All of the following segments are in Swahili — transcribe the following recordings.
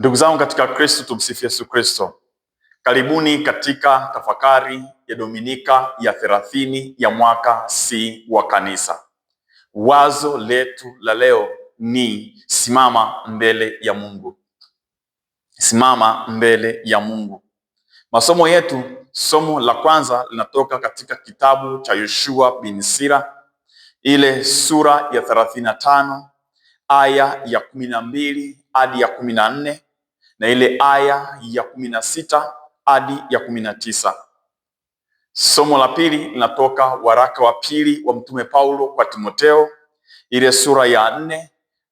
Ndugu zangu katika Kristo, tumsifu Yesu Kristo. Karibuni katika tafakari ya Dominika ya thelathini ya mwaka C wa Kanisa. Wazo letu la leo ni simama mbele ya Mungu, simama mbele ya Mungu. Masomo yetu, somo la kwanza linatoka katika kitabu cha Yoshua bin Sira, ile sura ya thelathini na tano aya ya kumi na mbili hadi ya kumi na nne na ile aya ya kumi na sita hadi ya kumi na tisa. Somo la pili linatoka waraka wa pili wa Mtume Paulo kwa Timoteo, ile sura ya nne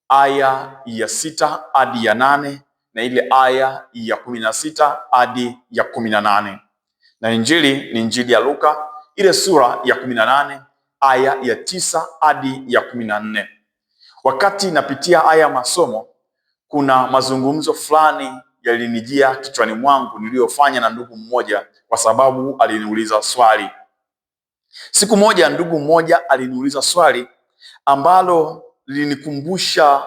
aya ya sita hadi ya nane na ile aya ya kumi na sita hadi ya kumi na nane na injili ni injili ya Luka ile sura ya kumi na nane aya ya tisa hadi ya kumi na nne. Wakati napitia haya masomo kuna mazungumzo fulani yalinijia kichwani mwangu niliyofanya na ndugu mmoja, kwa sababu aliniuliza swali. Siku moja, ndugu mmoja aliniuliza swali ambalo lilinikumbusha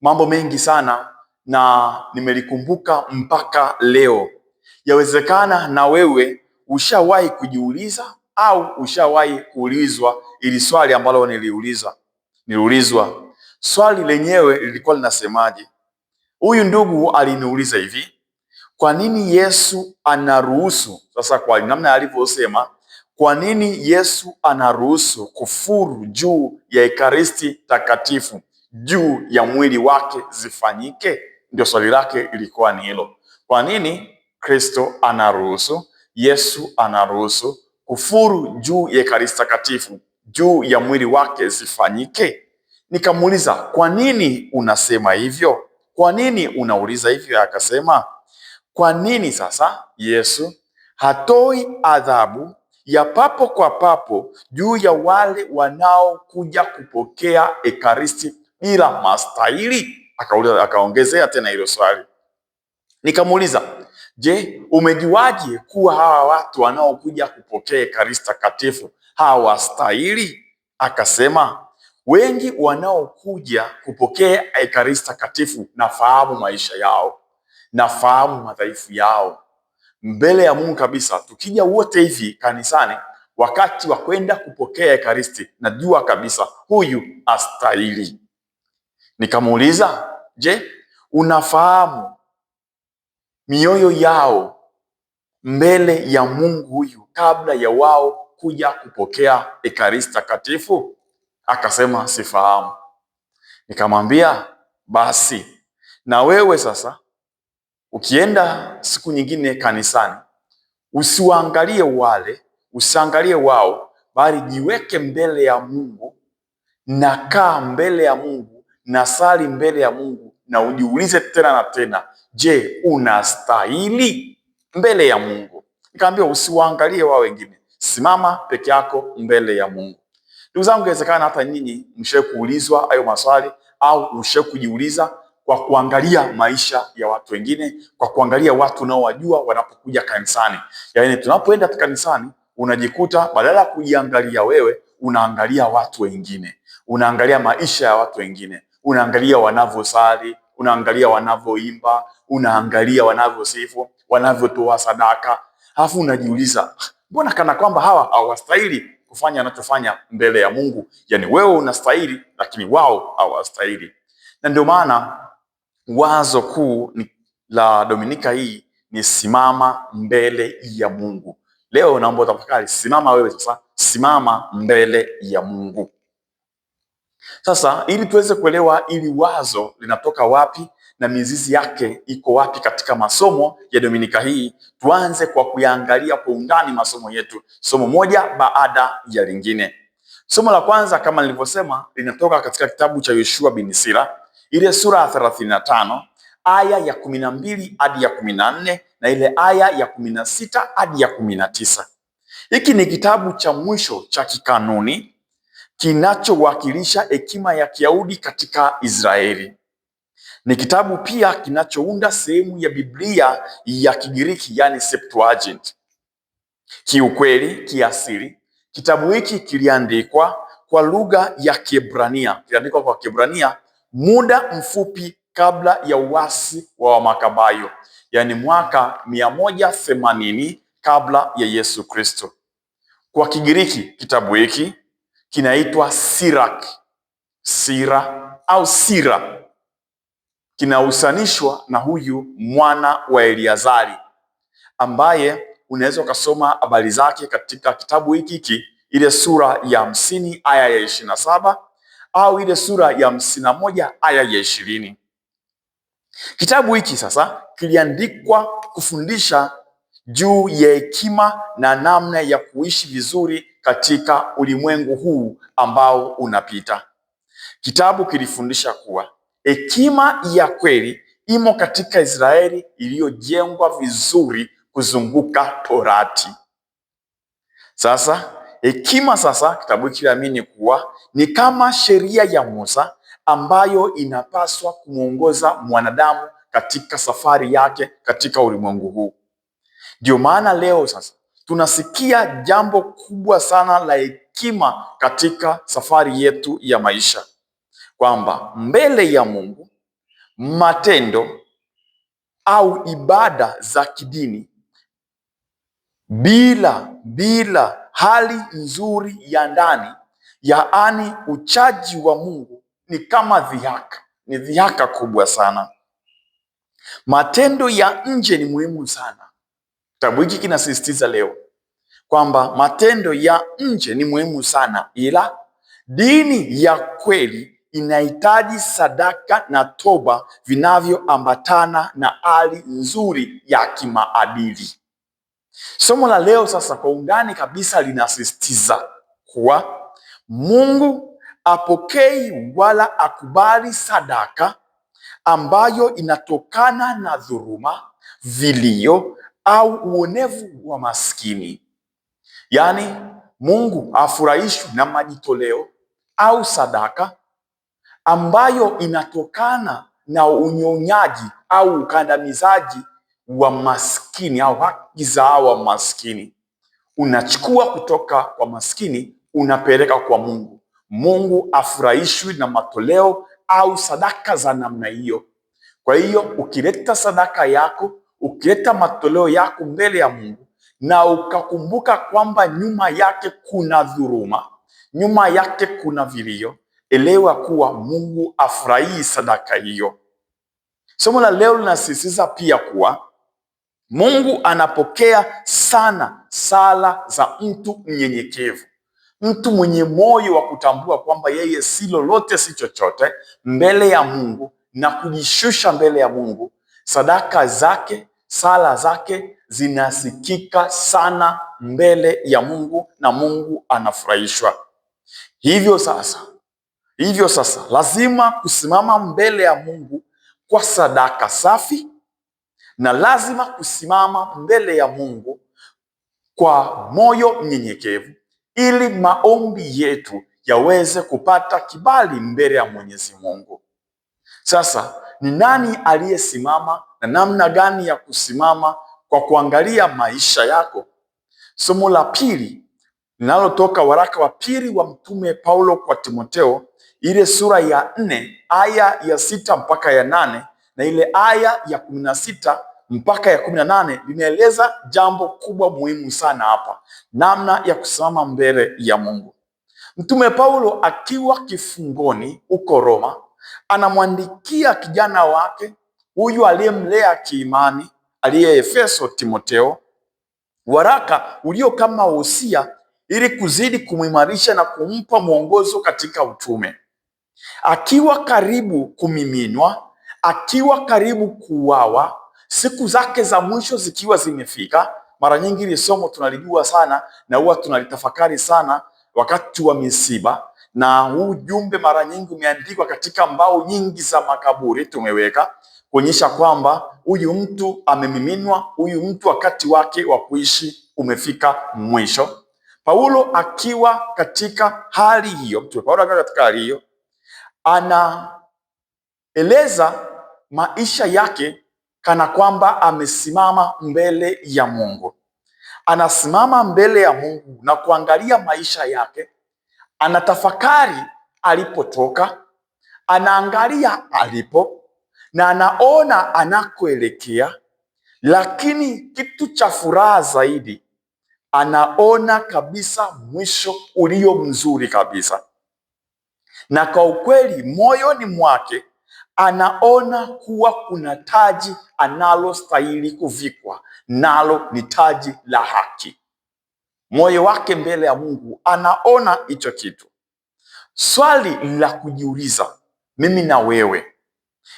mambo mengi sana, na nimelikumbuka mpaka leo. Yawezekana na wewe ushawahi kujiuliza au ushawahi kuulizwa ili swali ambalo niliuliza niliulizwa. Swali lenyewe lilikuwa linasemaje? Huyu ndugu aliniuliza hivi, kwa nini Yesu anaruhusu sasa, kwa namna alivyosema, kwa nini Yesu anaruhusu kufuru juu ya Ekaristi takatifu juu ya mwili wake zifanyike? Ndio swali lake ilikuwa ni hilo. Kwa nini Kristo anaruhusu, Yesu anaruhusu kufuru juu ya Ekaristi takatifu juu ya mwili wake zifanyike? Nikamuuliza, kwa nini unasema hivyo? Kwa nini unauliza hivyo? Akasema, kwa nini sasa Yesu hatoi adhabu ya papo kwa papo juu ya wale wanaokuja kupokea ekaristi bila mastahili? Akaongezea tena hilo swali, nikamuuliza je, umejuaje kuwa hawa watu wanaokuja kupokea ekaristi takatifu hawastahili? Akasema wengi wanaokuja kupokea Ekaristi Takatifu, nafahamu maisha yao, nafahamu madhaifu yao mbele ya Mungu kabisa. Tukija wote hivi kanisani, wakati wa kwenda kupokea Ekaristi, najua kabisa huyu astahili. Nikamuuliza, je, unafahamu mioyo yao mbele ya Mungu huyu kabla ya wao kuja kupokea Ekaristi Takatifu? Akasema sifahamu. Nikamwambia basi na wewe sasa ukienda siku nyingine kanisani, usiwaangalie wale, usiangalie wao, bali jiweke mbele ya Mungu na kaa mbele ya Mungu na sali mbele ya Mungu na ujiulize tena na tena, je, unastahili mbele ya Mungu? Nikaambia usiwaangalie wao wengine, simama peke yako mbele ya Mungu. Ndugu zangu, inawezekana hata nyinyi mshe kuulizwa hayo maswali au mshe kujiuliza kwa kuangalia maisha ya watu wengine, kwa kuangalia watu unaowajua wanapokuja kanisani. Yaani tunapoenda kanisani unajikuta badala ya kujiangalia wewe unaangalia watu wengine, unaangalia maisha ya watu wengine, unaangalia wanavyosali, unaangalia wanavyoimba, unaangalia wanavyosifu, wanavyotoa sadaka, alafu unajiuliza ah, mbona kana kwamba hawa hawastahili kufanya anachofanya mbele ya Mungu. Yani wewe unastahili, lakini wao hawastahili. Na ndio maana wazo kuu la Dominika hii ni simama mbele ya Mungu. Leo naomba utafakari, simama wewe sasa, simama mbele ya Mungu. Sasa ili tuweze kuelewa ili wazo linatoka wapi na mizizi yake iko wapi katika masomo ya Dominika hii. Tuanze kwa kuyaangalia kwa undani masomo yetu, somo moja baada ya lingine. Somo la kwanza kama nilivyosema, linatoka katika kitabu cha Yoshua bin Sira, ile sura ya 35 aya ya kumi na mbili hadi ya kumi na nne na ile aya ya kumi na sita hadi ya kumi na tisa. Hiki ni kitabu cha mwisho cha kikanuni kinachowakilisha hekima ya Kiyahudi katika Israeli. Ni kitabu pia kinachounda sehemu ya Biblia ya Kigiriki, yani Septuagint. Kiukweli, kiasiri kitabu hiki kiliandikwa kwa lugha ya Kiebrania, kiliandikwa kwa Kiebrania muda mfupi kabla ya uasi wa Wamakabayo, yani mwaka mia moja themanini kabla ya Yesu Kristo. Kwa Kigiriki kitabu hiki kinaitwa Sirak, Sira au Sira kinahusanishwa na huyu mwana wa Eliazari ambaye unaweza ukasoma habari zake katika kitabu hiki hiki, ile sura ya hamsini aya ya ishirini na saba au ile sura ya hamsini na moja aya ya ishirini. Kitabu hiki sasa kiliandikwa kufundisha juu ya hekima na namna ya kuishi vizuri katika ulimwengu huu ambao unapita. Kitabu kilifundisha kuwa Hekima ya kweli imo katika Israeli iliyojengwa vizuri kuzunguka Torati. Sasa hekima sasa, kitabu hiki kuwa ni kama sheria ya Musa ambayo inapaswa kumwongoza mwanadamu katika safari yake katika ulimwengu huu. Ndio maana leo sasa tunasikia jambo kubwa sana la hekima katika safari yetu ya maisha kwamba mbele ya Mungu matendo au ibada za kidini bila bila hali nzuri ya ndani, yaani uchaji wa Mungu, ni kama dhihaka, ni dhihaka kubwa sana. Matendo ya nje ni muhimu sana. Kitabu hiki kinasisitiza leo kwamba matendo ya nje ni muhimu sana, ila dini ya kweli inahitaji sadaka na toba vinavyoambatana na hali nzuri ya kimaadili. Somo la leo sasa kwa undani kabisa linasisitiza kuwa Mungu apokei wala akubali sadaka ambayo inatokana na dhuruma vilio au uonevu wa maskini. Yaani, Mungu hafurahishwi na majitoleo au sadaka ambayo inatokana na unyonyaji au ukandamizaji wa maskini au haki za hawa maskini. Unachukua kutoka kwa maskini unapeleka kwa Mungu. Mungu afurahishwi na matoleo au sadaka za namna hiyo. Kwa hiyo ukileta sadaka yako, ukileta matoleo yako mbele ya Mungu na ukakumbuka kwamba nyuma yake kuna dhuruma, nyuma yake kuna vilio, elewa kuwa Mungu afurahii sadaka hiyo. Somo la leo linasisitiza pia kuwa Mungu anapokea sana sala za mtu mnyenyekevu, mtu mwenye moyo wa kutambua kwamba yeye si lolote si chochote mbele ya Mungu na kujishusha mbele ya Mungu. Sadaka zake, sala zake zinasikika sana mbele ya Mungu na Mungu anafurahishwa. Hivyo sasa Hivyo sasa, lazima kusimama mbele ya Mungu kwa sadaka safi na lazima kusimama mbele ya Mungu kwa moyo mnyenyekevu ili maombi yetu yaweze kupata kibali mbele ya Mwenyezi Mungu. Sasa ni nani aliyesimama na namna gani ya kusimama? Kwa kuangalia maisha yako. Somo la pili linalotoka waraka wa pili wa Mtume Paulo kwa Timoteo ile sura ya nne aya ya sita mpaka ya nane na ile aya ya kumi na sita mpaka ya kumi na nane linaeleza jambo kubwa muhimu sana hapa, namna ya kusimama mbele ya Mungu. Mtume Paulo akiwa kifungoni huko Roma anamwandikia kijana wake huyu aliyemlea kiimani aliye Efeso, Timoteo, waraka ulio kama wosia ili kuzidi kumwimarisha na kumpa mwongozo katika utume akiwa karibu kumiminwa, akiwa karibu kuuawa, siku zake za mwisho zikiwa zimefika. Mara nyingi hili somo tunalijua sana na huwa tunalitafakari sana wakati wa misiba, na huu jumbe mara nyingi umeandikwa katika mbao nyingi za makaburi, tumeweka kuonyesha kwamba huyu mtu amemiminwa, huyu mtu wakati wake wa kuishi umefika mwisho. Paulo akiwa katika hali hiyo, Mtume Paulo akiwa katika hali hiyo anaeleza maisha yake kana kwamba amesimama mbele ya Mungu. Anasimama mbele ya Mungu na kuangalia maisha yake, anatafakari alipotoka, anaangalia alipo na anaona anakoelekea, lakini kitu cha furaha zaidi, anaona kabisa mwisho ulio mzuri kabisa na kwa ukweli moyoni mwake anaona kuwa kuna taji analostahili kuvikwa nalo ni taji la haki. Moyo wake mbele ya Mungu anaona hicho kitu. Swali la kujiuliza mimi na wewe,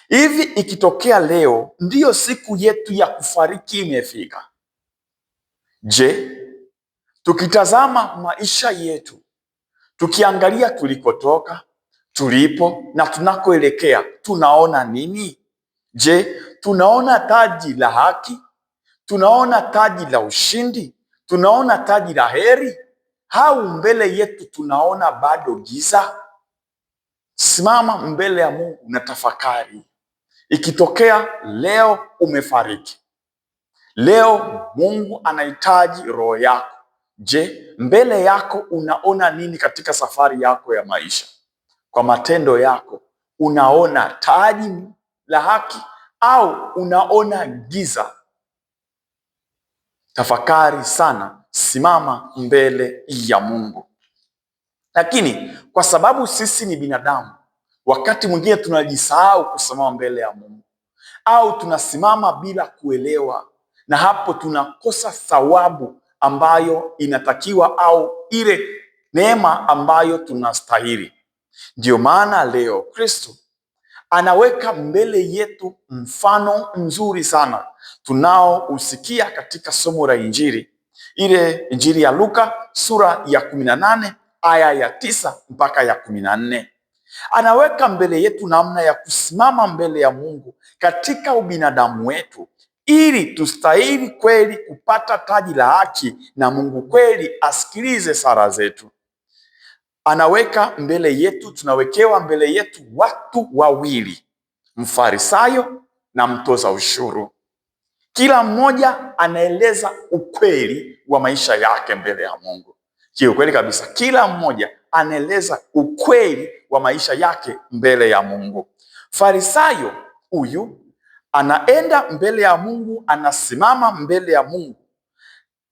hivi ikitokea leo ndiyo siku yetu ya kufariki imefika, je, tukitazama maisha yetu tukiangalia tulikotoka tulipo na tunakoelekea tunaona nini? Je, tunaona taji la haki? Tunaona taji la ushindi? Tunaona taji la heri, au mbele yetu tunaona bado giza? Simama mbele ya Mungu na tafakari. Ikitokea leo umefariki, leo Mungu anahitaji roho yako. Je, mbele yako unaona nini katika safari yako ya maisha? kwa matendo yako unaona taji la haki au unaona giza? Tafakari sana, simama mbele ya Mungu. Lakini kwa sababu sisi ni binadamu, wakati mwingine tunajisahau kusimama mbele ya Mungu au tunasimama bila kuelewa, na hapo tunakosa thawabu ambayo inatakiwa au ile neema ambayo tunastahili. Ndiyo maana leo Kristo anaweka mbele yetu mfano mzuri sana tunaousikia katika somo la Injili, ile Injili ya Luka sura ya kumi na nane aya ya tisa mpaka ya kumi na nne. Anaweka mbele yetu namna ya kusimama mbele ya Mungu katika ubinadamu wetu ili tustahili kweli kupata taji la haki na Mungu kweli asikilize sala zetu anaweka mbele yetu, tunawekewa mbele yetu watu wawili, mfarisayo na mtoza ushuru. Kila mmoja anaeleza ukweli wa maisha yake mbele ya Mungu. Kiukweli kabisa, kila mmoja anaeleza ukweli wa maisha yake mbele ya Mungu. Farisayo huyu anaenda mbele ya Mungu, anasimama mbele ya Mungu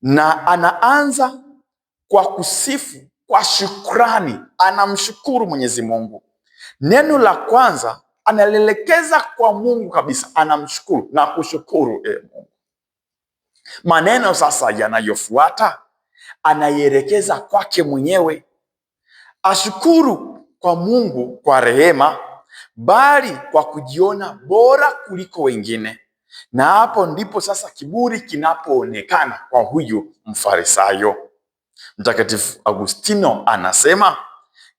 na anaanza kwa kusifu kwa shukrani, anamshukuru Mwenyezi Mungu. Neno la kwanza analielekeza kwa Mungu kabisa, anamshukuru na kushukuru e Mungu. Maneno sasa yanayofuata anaielekeza kwake mwenyewe, ashukuru kwa Mungu kwa rehema, bali kwa kujiona bora kuliko wengine, na hapo ndipo sasa kiburi kinapoonekana kwa huyu Mfarisayo. Mtakatifu Agustino anasema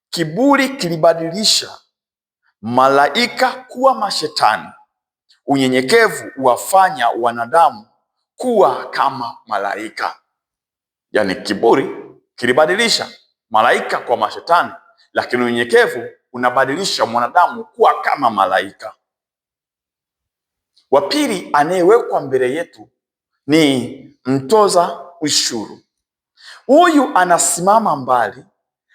kiburi kilibadilisha malaika kuwa mashetani, unyenyekevu wafanya wanadamu kuwa kama malaika. Yaani kiburi kilibadilisha malaika kwa mashetani, lakini unyenyekevu unabadilisha mwanadamu kuwa kama malaika. Wa pili anayewekwa mbele yetu ni mtoza ushuru. Huyu anasimama mbali,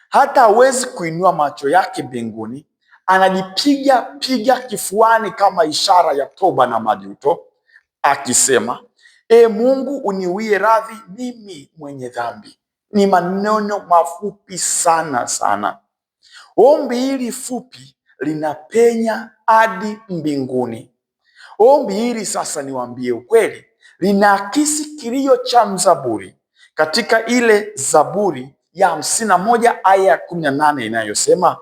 hata hawezi kuinua macho yake mbinguni, anajipiga piga kifuani kama ishara ya toba na majuto, akisema E Mungu, uniwie radhi mimi mwenye dhambi. Ni maneno mafupi sana sana. Ombi hili fupi linapenya hadi mbinguni. Ombi hili sasa, niwaambie ukweli, linaakisi kilio cha mzaburi katika ile Zaburi ya hamsini na moja aya ya kumi na nane inayosema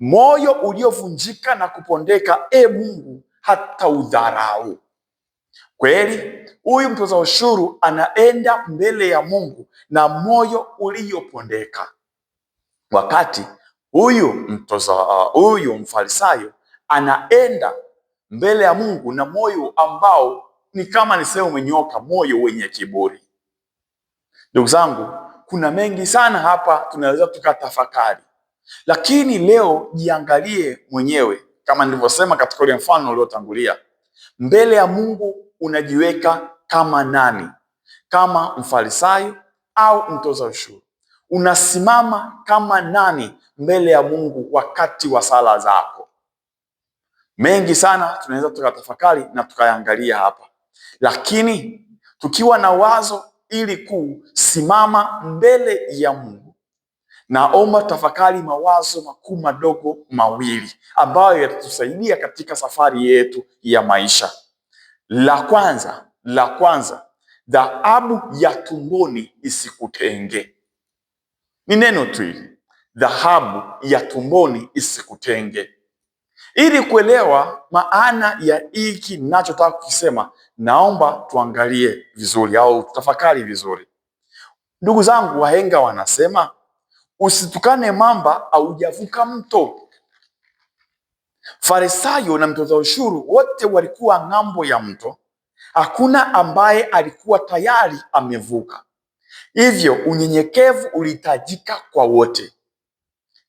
moyo uliovunjika na kupondeka, e Mungu, hata udharau. Kweli huyu mtoza ushuru anaenda mbele ya Mungu na moyo uliopondeka, wakati huyu mtoza uh, huyu mfarisayo anaenda mbele ya Mungu na moyo ambao ni kama niseme umenyoka, moyo wenye kiburi. Ndugu zangu, kuna mengi sana hapa tunaweza tukatafakari, lakini leo jiangalie mwenyewe, kama nilivyosema katika ule mfano uliotangulia. Mbele ya Mungu unajiweka kama nani? Kama mfarisayo au mtoza ushuru? Unasimama kama nani mbele ya Mungu wakati wa sala zako? Mengi sana tunaweza tukatafakari na tukayangalia hapa, lakini tukiwa na wazo ili kusimama mbele ya Mungu. Naomba tafakari mawazo makuu madogo mawili ambayo yatatusaidia katika safari yetu ya maisha. La kwanza, la kwanza, dhahabu ya tumboni isikutenge. Ni neno tu hili, dhahabu ya tumboni isikutenge. Ili kuelewa maana ya hiki ninachotaka kukisema, naomba tuangalie vizuri au tutafakari vizuri. Ndugu zangu, wahenga wanasema usitukane mamba aujavuka mto. Farisayo na mtoza ushuru wote walikuwa ng'ambo ya mto, hakuna ambaye alikuwa tayari amevuka. Hivyo unyenyekevu ulihitajika kwa wote.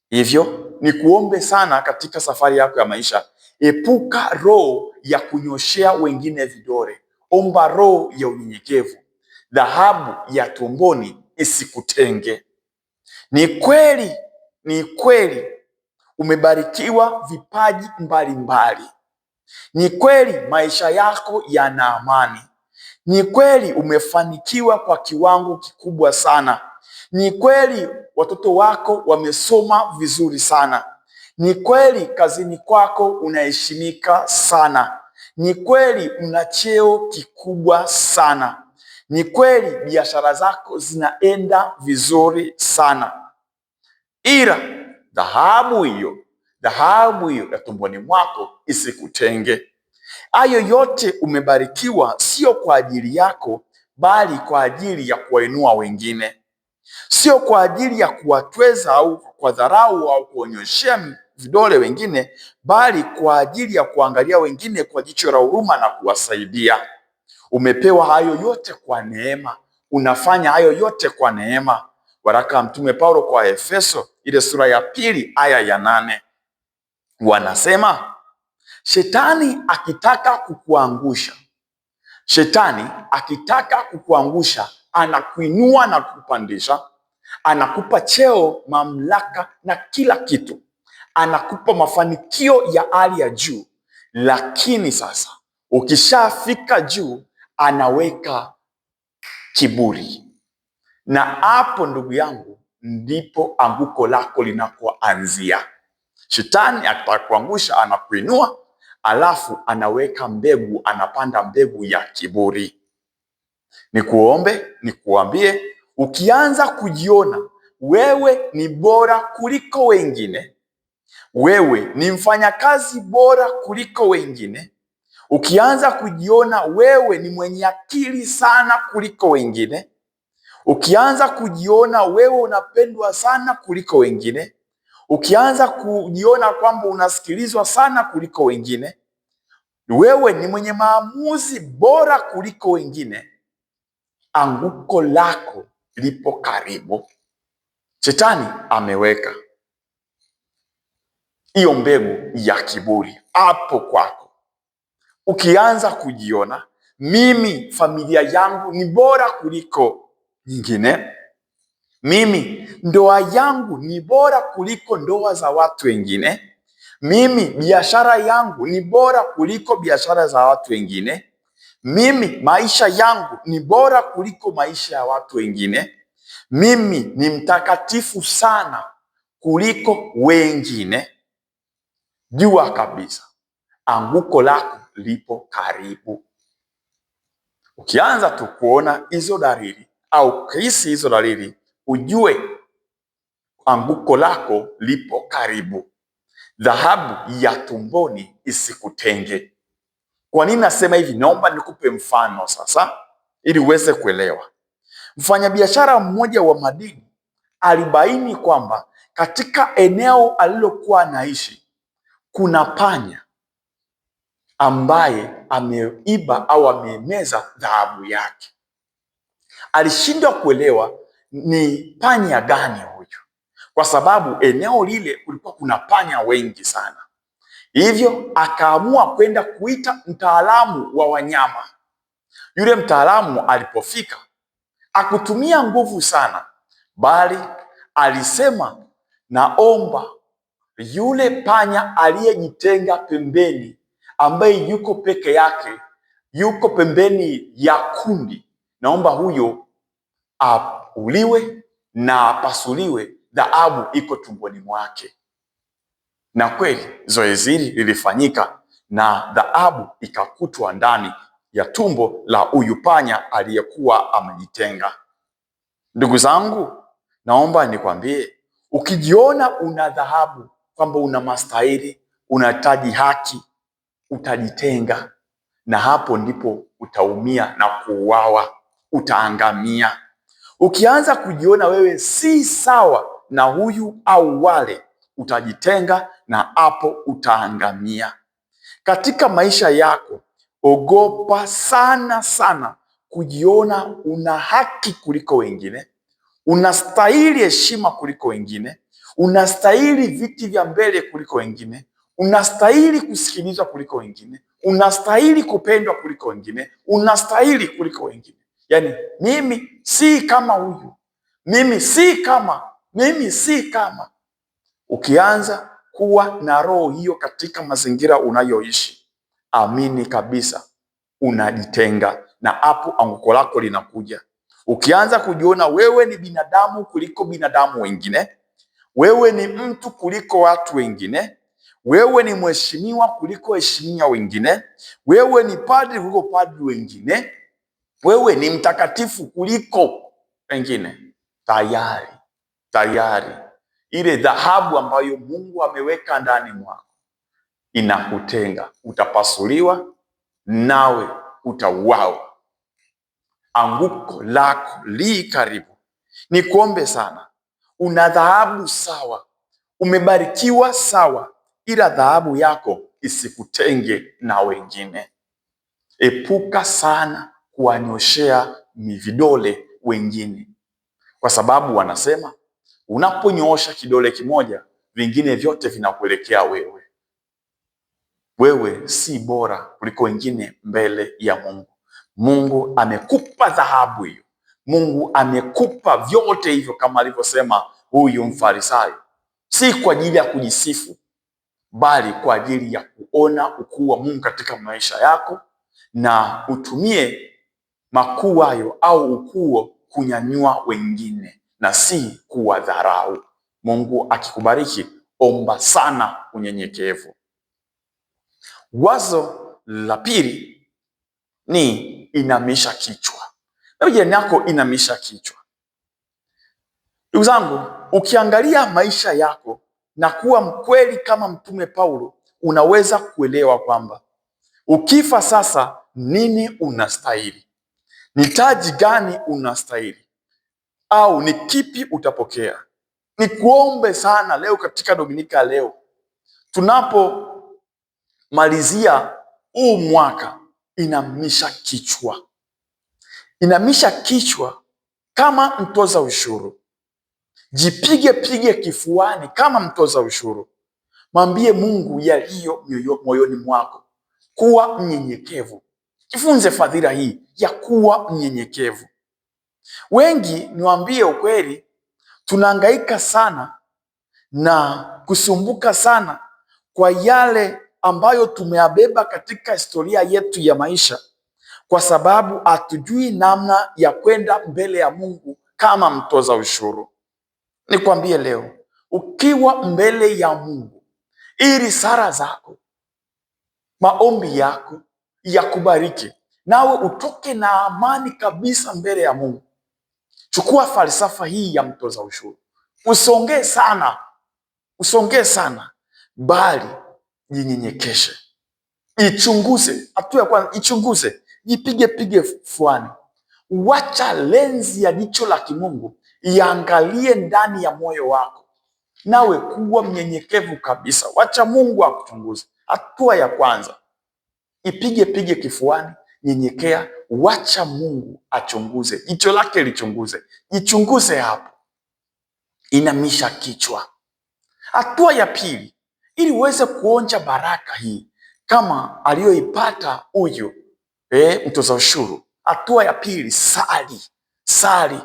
Hivyo ni kuombe sana katika safari yako ya maisha Epuka roho ya kunyoshea wengine vidore. Omba roho ya unyenyekevu, dhahabu ya tumboni isikutenge. Ni kweli, ni kweli umebarikiwa vipaji mbalimbali. Ni kweli maisha yako yana amani. Ni kweli umefanikiwa kwa kiwango kikubwa sana. Ni kweli watoto wako wamesoma vizuri sana. Ni kweli kazini kwako unaheshimika sana, ni kweli una cheo kikubwa sana, ni kweli biashara zako zinaenda vizuri sana, ila dhahabu hiyo dhahabu hiyo ya tumboni mwako isikutenge. Hayo yote umebarikiwa, sio kwa ajili yako, bali kwa ajili ya kuwainua wengine, sio kwa ajili ya kuwatweza au kwa dharau au kuonyoshea vidole wengine, bali kwa ajili ya kuangalia wengine kwa jicho la huruma na kuwasaidia. Umepewa hayo yote kwa neema, unafanya hayo yote kwa neema. Waraka wa Mtume Paulo kwa Efeso, ile sura ya pili aya ya nane wanasema shetani akitaka kukuangusha, shetani akitaka kukuangusha, anakuinua na kukupandisha, anakupa cheo, mamlaka na kila kitu anakupa mafanikio ya hali ya juu, lakini sasa ukishafika juu anaweka kiburi, na hapo ndugu yangu ndipo anguko lako linakoanzia. Shetani atakuangusha, anakuinua, alafu anaweka mbegu, anapanda mbegu ya kiburi. Nikuombe, nikuambie, ukianza kujiona wewe ni bora kuliko wengine, wewe ni mfanyakazi bora kuliko wengine, ukianza kujiona wewe ni mwenye akili sana kuliko wengine, ukianza kujiona wewe unapendwa sana kuliko wengine, ukianza kujiona kwamba unasikilizwa sana kuliko wengine, wewe ni mwenye maamuzi bora kuliko wengine, anguko lako lipo karibu. Shetani ameweka hiyo mbegu ya kiburi hapo kwako. Ukianza kujiona mimi, familia yangu ni bora kuliko nyingine, mimi ndoa yangu ni bora kuliko ndoa za watu wengine, mimi biashara yangu ni bora kuliko biashara za watu wengine, mimi maisha yangu ni bora kuliko maisha ya watu wengine, mimi ni mtakatifu sana kuliko wengine jua kabisa anguko lako lipo karibu. Ukianza tu kuona hizo dalili au ukihisi hizo dalili, ujue anguko lako lipo karibu. Dhahabu ya tumboni isikutenge. Kwa nini nasema hivi? Naomba nikupe mfano sasa, ili uweze kuelewa. Mfanyabiashara mmoja wa madini alibaini kwamba katika eneo alilokuwa anaishi kuna panya ambaye ameiba au ameemeza dhahabu yake. Alishindwa kuelewa ni panya gani huyu, kwa sababu eneo lile kulikuwa kuna panya wengi sana. Hivyo akaamua kwenda kuita mtaalamu wa wanyama. Yule mtaalamu alipofika akutumia nguvu sana, bali alisema, naomba yule panya aliyejitenga pembeni, ambaye yuko peke yake, yuko pembeni ya kundi, naomba huyo auliwe na apasuliwe, dhahabu iko tumboni mwake. Na kweli zoezi hili lilifanyika na dhahabu ikakutwa ndani ya tumbo la huyu panya aliyekuwa amejitenga. Ndugu zangu, naomba nikwambie, ukijiona una dhahabu kwamba una mastahili, unahitaji haki, utajitenga na hapo ndipo utaumia na kuuawa, utaangamia. Ukianza kujiona wewe si sawa na huyu au wale, utajitenga na hapo utaangamia. Katika maisha yako, ogopa sana sana kujiona una haki kuliko wengine, unastahili heshima kuliko wengine, Unastahili viti vya mbele kuliko wengine, unastahili kusikilizwa kuliko wengine, unastahili kupendwa kuliko wengine, unastahili kuliko wengine. Yani mimi si kama huyu, mimi si kama, mimi si kama. Ukianza kuwa na roho hiyo katika mazingira unayoishi, amini kabisa, unajitenga na hapo anguko lako linakuja. Ukianza kujiona wewe ni binadamu kuliko binadamu wengine wewe ni mtu kuliko watu wengine. Wewe ni mheshimiwa kuliko heshimia wengine. Wewe ni padri kuliko padri wengine. Wewe ni mtakatifu kuliko wengine. Tayari, tayari ile dhahabu ambayo Mungu ameweka ndani mwako inakutenga. Utapasuliwa nawe utauawa. Anguko lako li karibu. ni kuombe sana una dhahabu sawa, umebarikiwa sawa, ila dhahabu yako isikutenge na wengine. Epuka sana kuwanyoshea vidole wengine, kwa sababu wanasema unaponyoosha kidole kimoja, vingine vyote vinakuelekea wewe. Wewe si bora kuliko wengine mbele ya Mungu. Mungu amekupa dhahabu hiyo. Mungu amekupa vyote hivyo kama alivyosema huyu Mfarisayo, si kwa ajili ya kujisifu, bali kwa ajili ya kuona ukuu wa Mungu katika maisha yako, na utumie makuu hayo au ukuu kunyanyua wengine na si kuwa dharau Mungu akikubariki, omba sana unyenyekevu. Wazo la pili ni inamisha kichwa labda jirani yako inamisha kichwa. Ndugu zangu, ukiangalia maisha yako na kuwa mkweli kama Mtume Paulo, unaweza kuelewa kwamba ukifa sasa, nini unastahili, ni taji gani unastahili, au ni kipi utapokea. Ni kuombe sana leo katika Dominika leo tunapomalizia huu mwaka, inamisha kichwa Inamisha kichwa kama mtoza ushuru, jipige pige kifuani kama mtoza ushuru. Mwambie Mungu yaliyo moyoni mwako. Kuwa mnyenyekevu, jifunze fadhila hii ya kuwa mnyenyekevu. Wengi, niwaambie ukweli, tunahangaika sana na kusumbuka sana kwa yale ambayo tumeyabeba katika historia yetu ya maisha kwa sababu hatujui namna ya kwenda mbele ya Mungu kama mtoza ushuru. Nikwambie leo, ukiwa mbele ya Mungu, ili sara zako, maombi yako yakubariki, nawe utoke na amani kabisa mbele ya Mungu. Chukua falsafa hii ya mtoza ushuru, usongee sana, usongee sana, bali jinyenyekeshe, ichunguze. Hatua ya kwanza, ichunguze Jipige pige fuani, wacha lenzi ya jicho la kimungu iangalie ndani ya moyo wako, nawe kuwa mnyenyekevu kabisa. Wacha Mungu akuchunguze. Hatua ya kwanza, ipige pige kifuani, nyenyekea, wacha Mungu achunguze, jicho lake lichunguze. Jichunguze hapo, inamisha kichwa. Hatua ya pili, ili uweze kuonja baraka hii kama aliyoipata huyu e, mtoza ushuru. Hatua ya pili, sali, sali,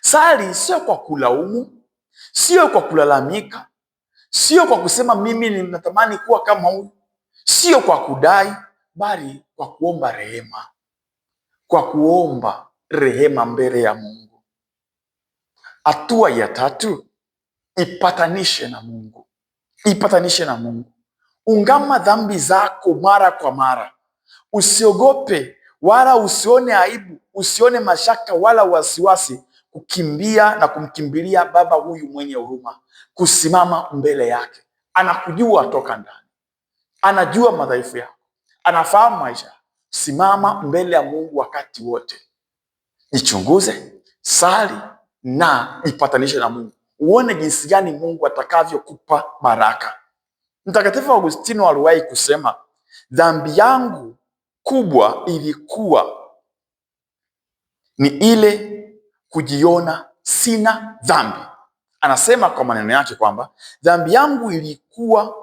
sali, sio kwa kulaumu, sio kwa kulalamika, sio kwa kusema mimi ninatamani kuwa kama huyu, sio kwa kudai, bali kwa kuomba rehema, kwa kuomba rehema mbele ya Mungu. Hatua ya tatu, ipatanishe na Mungu, ipatanishe na Mungu. Ungama dhambi zako mara kwa mara Usiogope wala usione aibu, usione mashaka wala wasiwasi kukimbia na kumkimbilia Baba huyu mwenye huruma, kusimama mbele yake. Anakujua toka ndani, anajua madhaifu yako, anafahamu maisha. Simama mbele ya Mungu wakati wote, jichunguze, sali na jipatanishe na Mungu, uone jinsi gani Mungu atakavyokupa baraka. Mtakatifu Agustino aliwahi kusema, dhambi yangu kubwa ilikuwa ni ile kujiona sina dhambi. Anasema kwa maneno yake kwamba dhambi yangu ilikuwa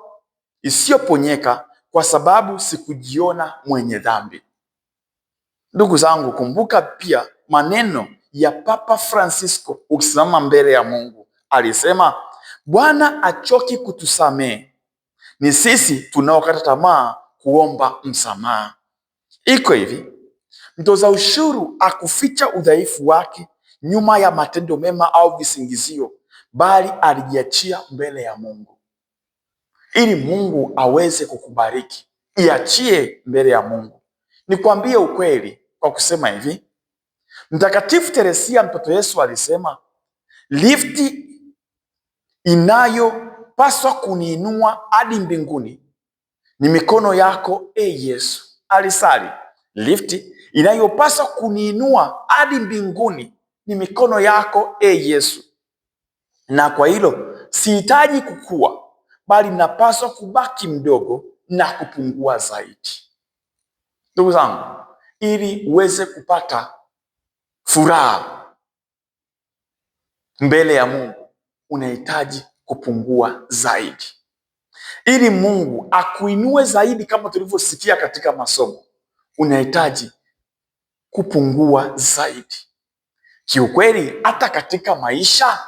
isiyoponyeka kwa sababu sikujiona mwenye dhambi. Ndugu zangu, kumbuka pia maneno ya Papa Francisco ukisimama mbele ya Mungu alisema, Bwana achoki kutusamehe, ni sisi tunaokata tamaa kuomba msamaha. Iko hivi, mtoza ushuru akuficha udhaifu wake nyuma ya matendo mema au visingizio, bali alijiachia mbele ya Mungu ili Mungu aweze kukubariki. Iachie mbele ya Mungu. Nikwambie ukweli kwa kusema hivi, Mtakatifu Teresia mtoto Yesu alisema lifti inayopaswa kuniinua hadi mbinguni ni mikono yako, e Yesu alisali. Lifti inayopaswa kuniinua hadi mbinguni ni mikono yako, e Yesu, na kwa hilo sihitaji kukua, bali napaswa kubaki mdogo na kupungua zaidi. Ndugu zangu, ili uweze kupata furaha mbele ya Mungu unahitaji kupungua zaidi. Ili Mungu akuinue zaidi, kama tulivyosikia katika masomo, unahitaji kupungua zaidi. Kiukweli, hata katika maisha,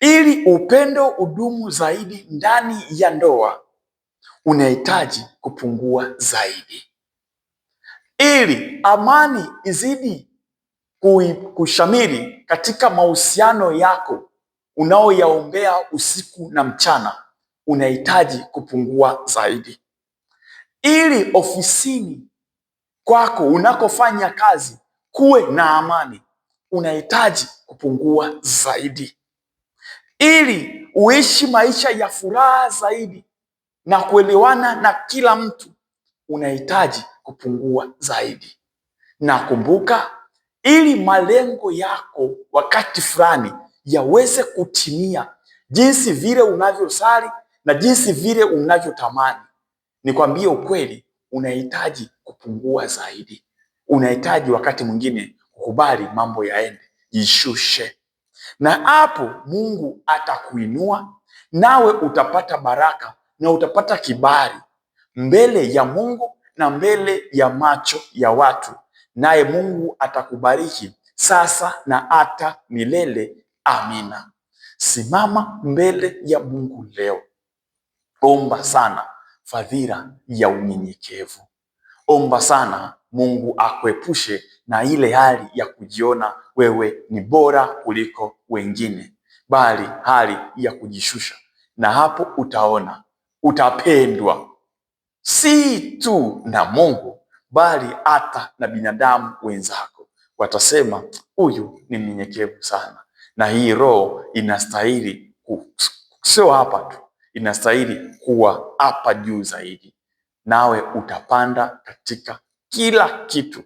ili upendo udumu zaidi ndani ya ndoa, unahitaji kupungua zaidi. Ili amani izidi kushamiri katika mahusiano yako unaoyaombea usiku na mchana, unahitaji kupungua zaidi, ili ofisini kwako unakofanya kazi kuwe na amani, unahitaji kupungua zaidi, ili uishi maisha ya furaha zaidi na kuelewana na kila mtu, unahitaji kupungua zaidi. Na kumbuka, ili malengo yako wakati fulani yaweze kutimia jinsi vile unavyosali na jinsi vile unavyotamani. Nikwambie ukweli, unahitaji kupungua zaidi, unahitaji wakati mwingine kukubali mambo yaende, jishushe, na hapo Mungu atakuinua nawe utapata baraka na utapata kibali mbele ya Mungu na mbele ya macho ya watu, naye Mungu atakubariki sasa na hata milele. Amina. Simama mbele ya Mungu leo omba sana fadhila ya unyenyekevu. Omba sana Mungu akuepushe na ile hali ya kujiona wewe ni bora kuliko wengine, bali hali ya kujishusha, na hapo utaona utapendwa si tu na Mungu bali hata na binadamu wenzako, watasema huyu ni mnyenyekevu sana, na hii roho inastahili sio hapa tu inastahili kuwa hapa juu zaidi, nawe utapanda katika kila kitu,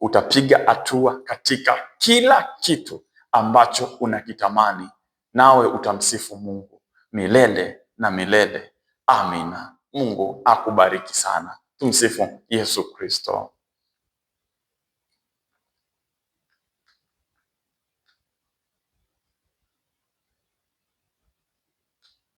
utapiga hatua katika kila kitu ambacho unakitamani, nawe utamsifu Mungu milele na milele. Amina. Mungu akubariki sana. Tumsifu Yesu Kristo.